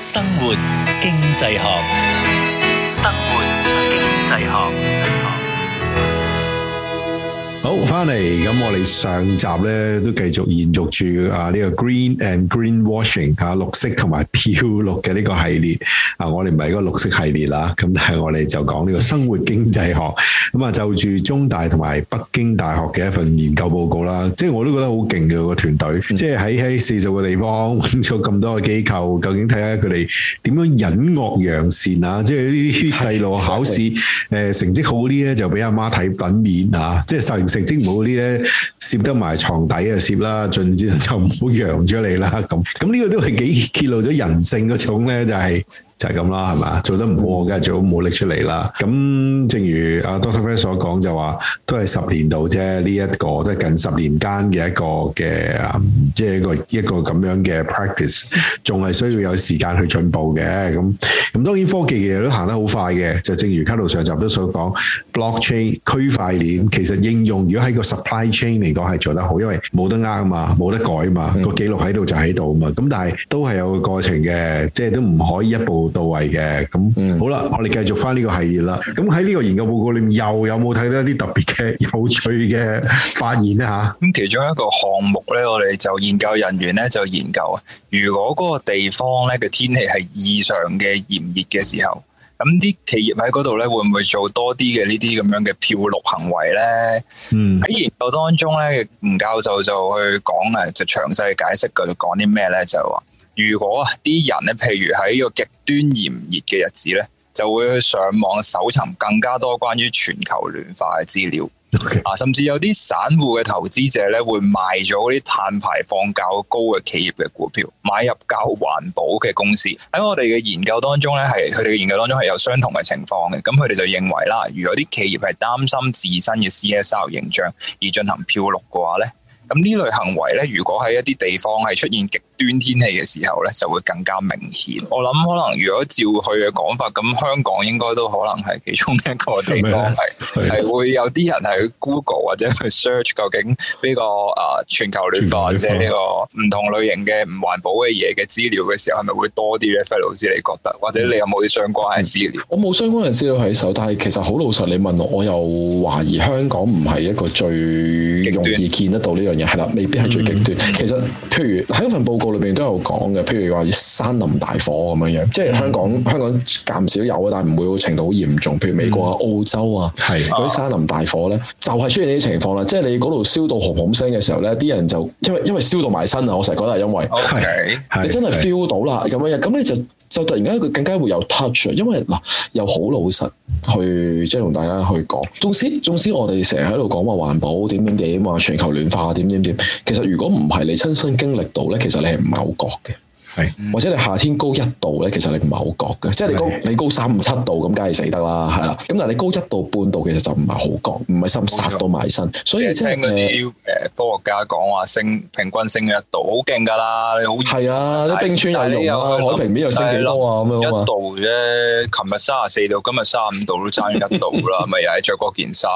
生活經濟學，生活經濟學。好，翻嚟，咁我哋上集呢都繼續延續住啊呢個 green and green washing 啊，綠色同埋漂綠嘅呢個系列啊，我哋唔係個綠色系列啦，咁但係我哋就講呢個生活經濟學，咁啊就住中大同埋北京大學嘅一份研究報告啦，即係我都覺得好勁嘅個團隊，即係喺喺四十個地方搵咗咁多個機構，究竟睇下佢哋點樣隱惡揚善啊？即係啲細路考試、呃、成績好啲呢，就俾阿媽睇品面啊，即係成績唔好啲咧，攝得埋床底啊，攝啦，盡之就唔好揚咗你啦。咁咁呢個都係幾揭露咗人性嗰種咧，就係、是、就係咁啦，係嘛？做得唔好，我梗係最好冇搦出嚟啦。咁正如阿 Doctor Frank 所講，就話都係十年度啫。呢、這、一個即係近十年間嘅一個嘅，即係、嗯就是、一個一個咁樣嘅 practice，仲係需要有時間去進步嘅咁。咁當然科技其實都行得好快嘅，就正如卡路上集都想講，blockchain 區塊鏈其實應用如果喺個 supply chain 嚟講係做得好，因為冇得啱啊嘛，冇得改啊嘛，嗯個記錄喺度就喺度啊嘛。咁但係都係有個過程嘅，即、就、係、是、都唔可以一步到位嘅。咁、嗯、好啦，我哋繼續翻呢個系列啦。咁喺呢個研究報告裏面又有冇睇到一啲特別嘅有趣嘅發現呢、啊？吓，咁其中一個項目咧，我哋就研究人員咧就研究啊，如果嗰個地方咧嘅天氣係異常嘅炎熱嘅時候，咁啲企業喺嗰度咧，會唔會做多啲嘅呢啲咁樣嘅漂綠行為咧？喺、嗯、研究當中咧，吳教授就去講誒，就詳細解釋佢講啲咩咧，就係話如果啲人咧，譬如喺個極端炎熱嘅日子咧，就會去上網搜尋更加多關於全球暖化嘅資料。啊、okay，甚至有啲散戶嘅投資者咧，會賣咗啲碳排放較高嘅企業嘅股票，買入較環保嘅公司。喺我哋嘅研究當中咧，係佢哋嘅研究當中係有相同嘅情況嘅。咁佢哋就認為啦，如果啲企業係擔心自身嘅 CSR 形象而進行漂綠嘅話咧，咁呢類行為咧，如果喺一啲地方係出現極端天氣嘅時候咧，就會更加明顯。我諗可能如果照佢嘅講法，咁香港應該都可能係其中一個地方，係係會有啲人係去 Google 或者去 search 究竟呢個啊全球暖化或者呢個唔同類型嘅唔環保嘅嘢嘅資料嘅時候，係咪會多啲咧？費老師，你覺得或者你有冇啲相關嘅資料？我冇相關嘅資料喺手，但係其實好老實，你問我，我又懷疑香港唔係一個最容易見得到呢樣嘢，係啦，未必係最極端、嗯。其實譬如喺一份報告。我裏面都有講嘅，譬如話山林大火咁樣樣，即係香港、嗯、香港間少有啊，但係唔會個程度好嚴重。譬如美國啊、嗯、澳洲啊，嗰啲山林大火咧、嗯，就係、是、出現呢啲情況啦、啊。即係你嗰度燒到紅紅聲嘅時候咧，啲人就因為因為燒到埋身啊！我成日覺得係因為 okay, 你真係 feel 到啦咁樣，咁你就。就突然間佢更加會有 touch，因為嗱又好老實去即係同大家去講，縱使縱使我哋成日喺度講話環保點點點話全球暖化點點點，其實如果唔係你親身經歷到咧，其實你係唔係好覺嘅。或者你夏天高一度咧，其實你唔係好覺嘅，即係你高你高三五七度咁，梗係死得啦，係啦。咁但係你高一度半度，度其實就唔係好覺，唔係殺到埋身。所以聽嗰啲科學家講話，升平均升一度，好勁㗎啦，好熱。係啊，冰川有用啊，海平面又升幾多啊？咁樣一度啫。琴日三十四度，今日三十五度都差一度啦，咪 又係着嗰件衫。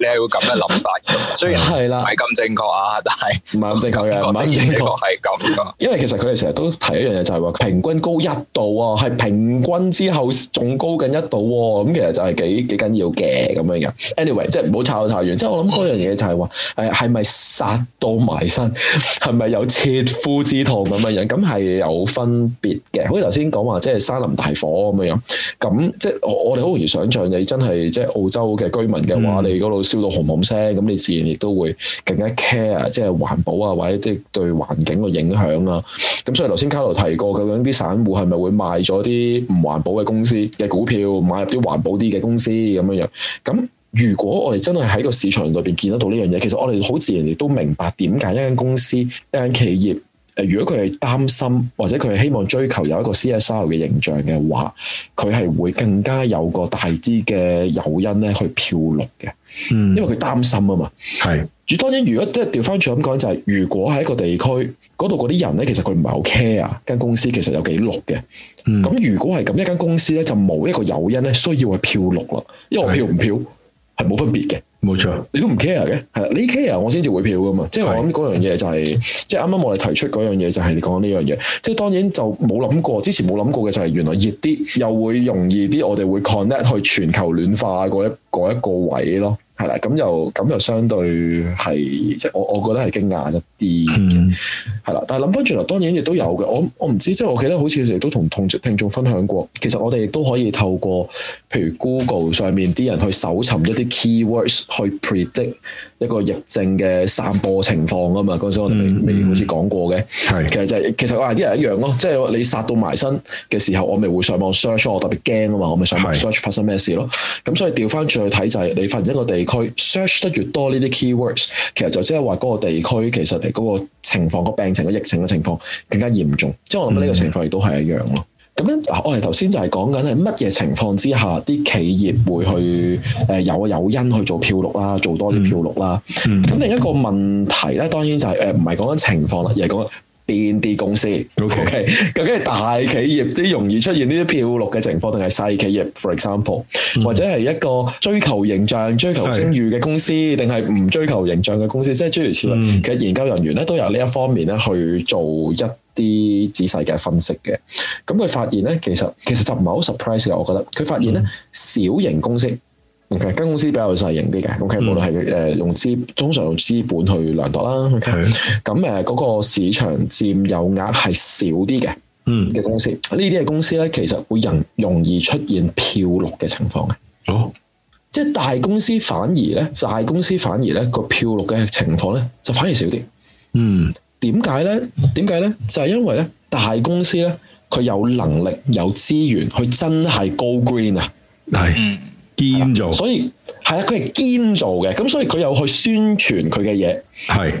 你係會咁樣諗法？雖然係啦，唔係咁正確啊，但係唔係咁正確嘅，唔係咁正確係咁嘅。因為其實佢哋成日都一樣嘢就係話平均高一度啊，係平均之後仲高近一度喎，咁其實就係幾幾緊要嘅咁樣樣。Anyway，即係唔好炒到太遠，即係我諗嗰樣嘢就係話係係咪殺到埋身，係咪有切膚之痛咁樣樣？咁係有分別嘅。好似頭先講話即係山林大火咁樣樣，咁即係我哋好容易想象你真係即係澳洲嘅居民嘅話，你嗰度燒到紅紅聲，咁、嗯、你自然亦都會更加 care，啊，即係環保啊，或者啲對環境個影響啊。咁所以頭先提過究竟啲散戶係咪會賣咗啲唔環保嘅公司嘅股票，買入啲環保啲嘅公司咁樣樣？咁如果我哋真係喺個市場裏邊見得到呢樣嘢，其實我哋好自然亦都明白點解一間公司、一間企業。誒，如果佢係擔心，或者佢係希望追求有一個 CSR 嘅形象嘅話，佢係會更加有個大啲嘅誘因咧去漂綠嘅。嗯，因為佢擔心啊嘛。係，與當然如、就是，如果即係調翻轉咁講，就係如果喺一個地區嗰度嗰啲人咧，其實佢唔係好 care 間公司其實有幾綠嘅。咁、嗯、如果係咁，一間公司咧就冇一個誘因咧，需要去漂綠啦。因為我漂唔漂係冇分別嘅。冇錯，你都唔 care 嘅，係你 care，我先至會漂㗎嘛。即係我諗嗰樣嘢就係、是，即係啱啱我哋提出嗰樣嘢就係你講呢樣嘢。即、就、係、是、當然就冇諗過，之前冇諗過嘅就係原來熱啲又會容易啲，我哋會 connect 去全球暖化嗰一個一個位咯。係啦，咁又咁又相對係即係我我覺得係驚訝一啲嘅，係、嗯、啦。但係諗翻轉頭，death, 當然亦都有嘅。我我唔知，即係我記得好似亦都同同聽眾分享過，them, 其實我哋亦都可以透過譬如 Google 上面啲人去搜尋一啲 keywords 去 predict 一個疫症嘅散播情況啊嘛。嗰陣時我哋未好似講過嘅、就是，其實就係其實我係啲人一樣咯，即、就、係、是、你殺到埋身嘅時候，我咪會上網 search 我特別驚啊嘛，我咪上網 search 發生咩事咯。咁所以調翻轉去睇就係你，反一個地地區 search 得越多呢啲 keywords，其實就即係話嗰個地區其實係嗰個情況、個病情、個疫情嘅情況更加嚴重。即係我諗呢個情況亦都係一樣咯。咁樣嗱，mm-hmm. 我哋頭先就係講緊係乜嘢情況之下，啲企業會去誒、呃、有有因去做票錄啦，做多啲票錄啦。咁，mm-hmm. 另一個問題咧，當然就係誒唔係講緊情況啦，而係講。邊啲公司 okay.？OK，究竟係大企業啲容易出現呢啲漂綠嘅情況，定係細企業？For example，、mm. 或者係一個追求形象、追求聲譽嘅公司，定係唔追求形象嘅公司？即係諸如此類。其、mm. 實研究人員咧都由呢一方面咧去做一啲仔細嘅分析嘅。咁佢發現咧，其實其實就唔係好 surprise 嘅。我覺得佢發現咧，小型公司。咁嘅間公司比較細型啲嘅，咁、okay，佢、嗯、無論係誒用資，通常用資本去量度啦。咁誒嗰個市場佔有額係少啲嘅，嗯嘅公司，呢啲嘅公司咧，其實會人容易出現漂綠嘅情況嘅。哦，即係大公司反而咧，大公司反而咧個漂綠嘅情況咧，就反而少啲。嗯，點解咧？點解咧？就係、是、因為咧，大公司咧，佢有能力、有資源，佢真係 go green 啊，係、嗯。做，所以係啊，佢係堅做嘅，咁所以佢有去宣傳佢嘅嘢，係，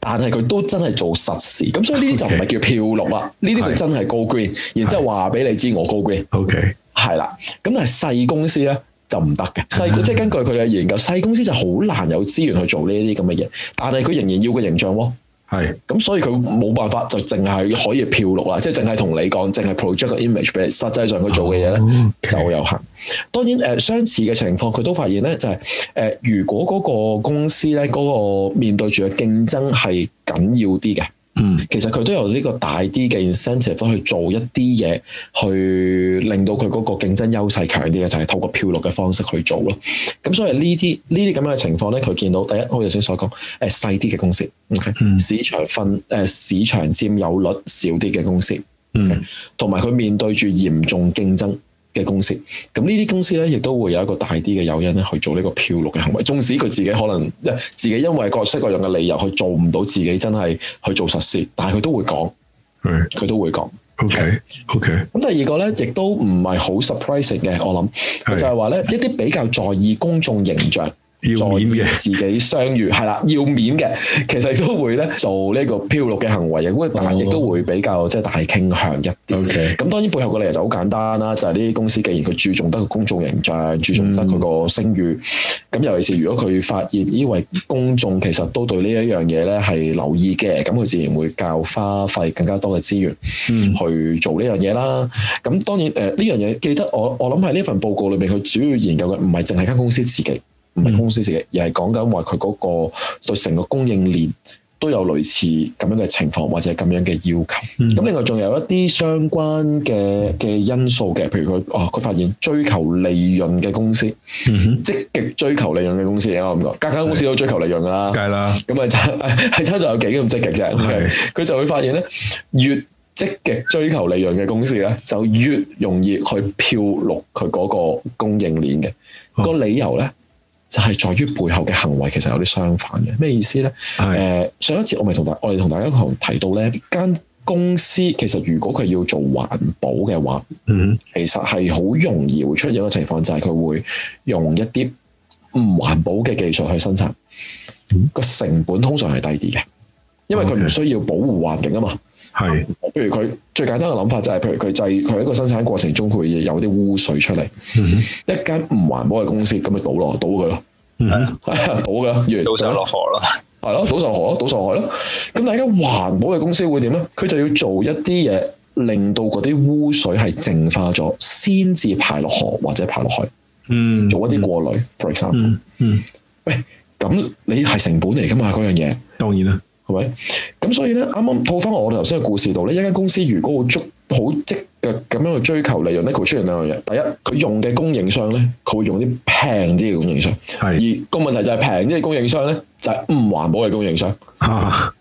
但係佢都真係做實事，咁所以呢啲就唔係叫漂綠啦，呢啲佢真係 go green，然之後話俾你知我 go green，OK，係啦，咁、okay. 但係細公司咧就唔得嘅，細即係根據佢嘅研究，細公司就好難有資源去做呢啲咁嘅嘢，但係佢仍然要個形象喎、哦。係，咁所以佢冇辦法就淨係可以漂綠啦，即係淨係同你講，淨係 project 個 image 俾你，實際上佢做嘅嘢咧，就有限，哦 okay。當然，誒、呃、相似嘅情況，佢都發現咧就係、是、誒、呃、如果嗰個公司咧嗰、那個面對住嘅競爭係緊要啲嘅。嗯，其實佢都有呢個大啲嘅 incentive 去做一啲嘢，去令到佢嗰個競爭優勢強啲嘅，就係、是、透過漂綠嘅方式去做咯。咁所以呢啲呢啲咁樣嘅情況咧，佢見到第一，我頭先所講，誒、啊、細啲嘅公司、okay? 嗯、市場份誒、啊、市場佔有率少啲嘅公司，okay? 嗯，同埋佢面對住嚴重競爭嘅公司，咁呢啲公司咧，亦都會有一個大啲嘅誘因咧，去做呢個漂綠嘅行為。縱使佢自己可能，自己因為各式各樣嘅理由，去做唔到自己真係去做實事，但係佢都會講，佢都會講。OK，OK。咁第二個咧，亦都唔係好 surprising 嘅，我諗就係話咧，一啲比較在意公眾形象。要面嘅自己商譽，係 啦，要面嘅，其實都會咧做呢個漂綠嘅行為嘅。咁但亦都會比較即係大傾向一啲。咁、哦、當然背後個理由就好簡單啦，就係、是、啲公司既然佢注重得個公眾形象，嗯、注重得佢個聲譽，咁尤其是如果佢發現呢位公眾其實都對呢一樣嘢咧係留意嘅，咁佢自然會較花費更加多嘅資源去做呢樣嘢啦。咁、嗯、當然誒呢樣嘢記得我我諗喺呢份報告裏邊，佢主要研究嘅唔係淨係間公司自己。唔係公司食嘅，而係講緊話佢嗰個對成個供應鏈都有類似咁樣嘅情況，或者係咁樣嘅要求。咁、嗯、另外仲有一啲相關嘅嘅因素嘅，譬如佢哦，佢、啊、發現追求利潤嘅公司，積、嗯、極追求利潤嘅公司，嗯，我咁講，間間公司都追求利潤噶，梗係啦。咁啊，係 差在有幾咁積極啫？佢就會發現咧，越積極追求利潤嘅公司咧，就越容易去漂綠佢嗰個供應鏈嘅、嗯，那個理由咧。就係、是、在於背後嘅行為其實有啲相反嘅，咩意思呢？上一次我咪同大我哋同大家一同提到呢間公司其實如果佢要做環保嘅話、嗯，其實係好容易會出現一個情況，就係、是、佢會用一啲唔環保嘅技術去生產，個、嗯、成本通常係低啲嘅，因為佢唔需要保護環境啊嘛。係，譬如佢最簡單嘅諗法就係、是，譬如佢制佢喺個生產過程中佢會有啲污水出嚟、嗯，一間唔環保嘅公司咁咪倒落，倒佢咯，係、嗯、啊， 倒噶，倒上落河咯，係 咯，倒上河咯，倒上河咯。咁大家環保嘅公司會點咧？佢就要做一啲嘢，令到嗰啲污水係淨化咗，先至排落河或者排落去、嗯，做一啲過濾。for、嗯、example，、嗯、喂，咁你係成本嚟噶嘛？嗰樣嘢，當然啦。係咪？咁所以咧，啱啱套翻我我頭先嘅故事度咧，一間公司如果好足好積極咁樣去追求利潤，咧佢會出現兩樣嘢。第一，佢用嘅供應商咧，佢會用啲平啲嘅供應商。係而個問題就係平啲嘅供應商咧，就係、是、唔環保嘅供應商。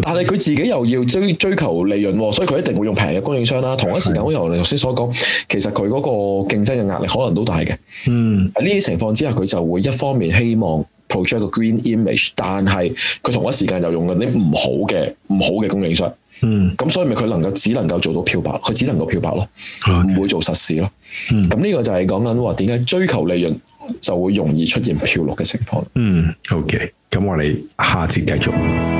但係佢自己又要追追求利潤，所以佢一定會用平嘅供應商啦。同一時間，好似我哋頭先所講，其實佢嗰個競爭嘅壓力可能都大嘅。嗯。喺呢啲情況之下，佢就會一方面希望。project 出一個 green image，但係佢同一時間就用緊啲唔好嘅唔好嘅供應商，嗯，咁所以咪佢能夠只能夠做到漂白，佢只能夠漂白咯，唔、okay，會做實事咯，嗯，咁呢個就係講緊話點解追求利潤就會容易出現漂綠嘅情況，嗯，OK，咁我哋下次繼續。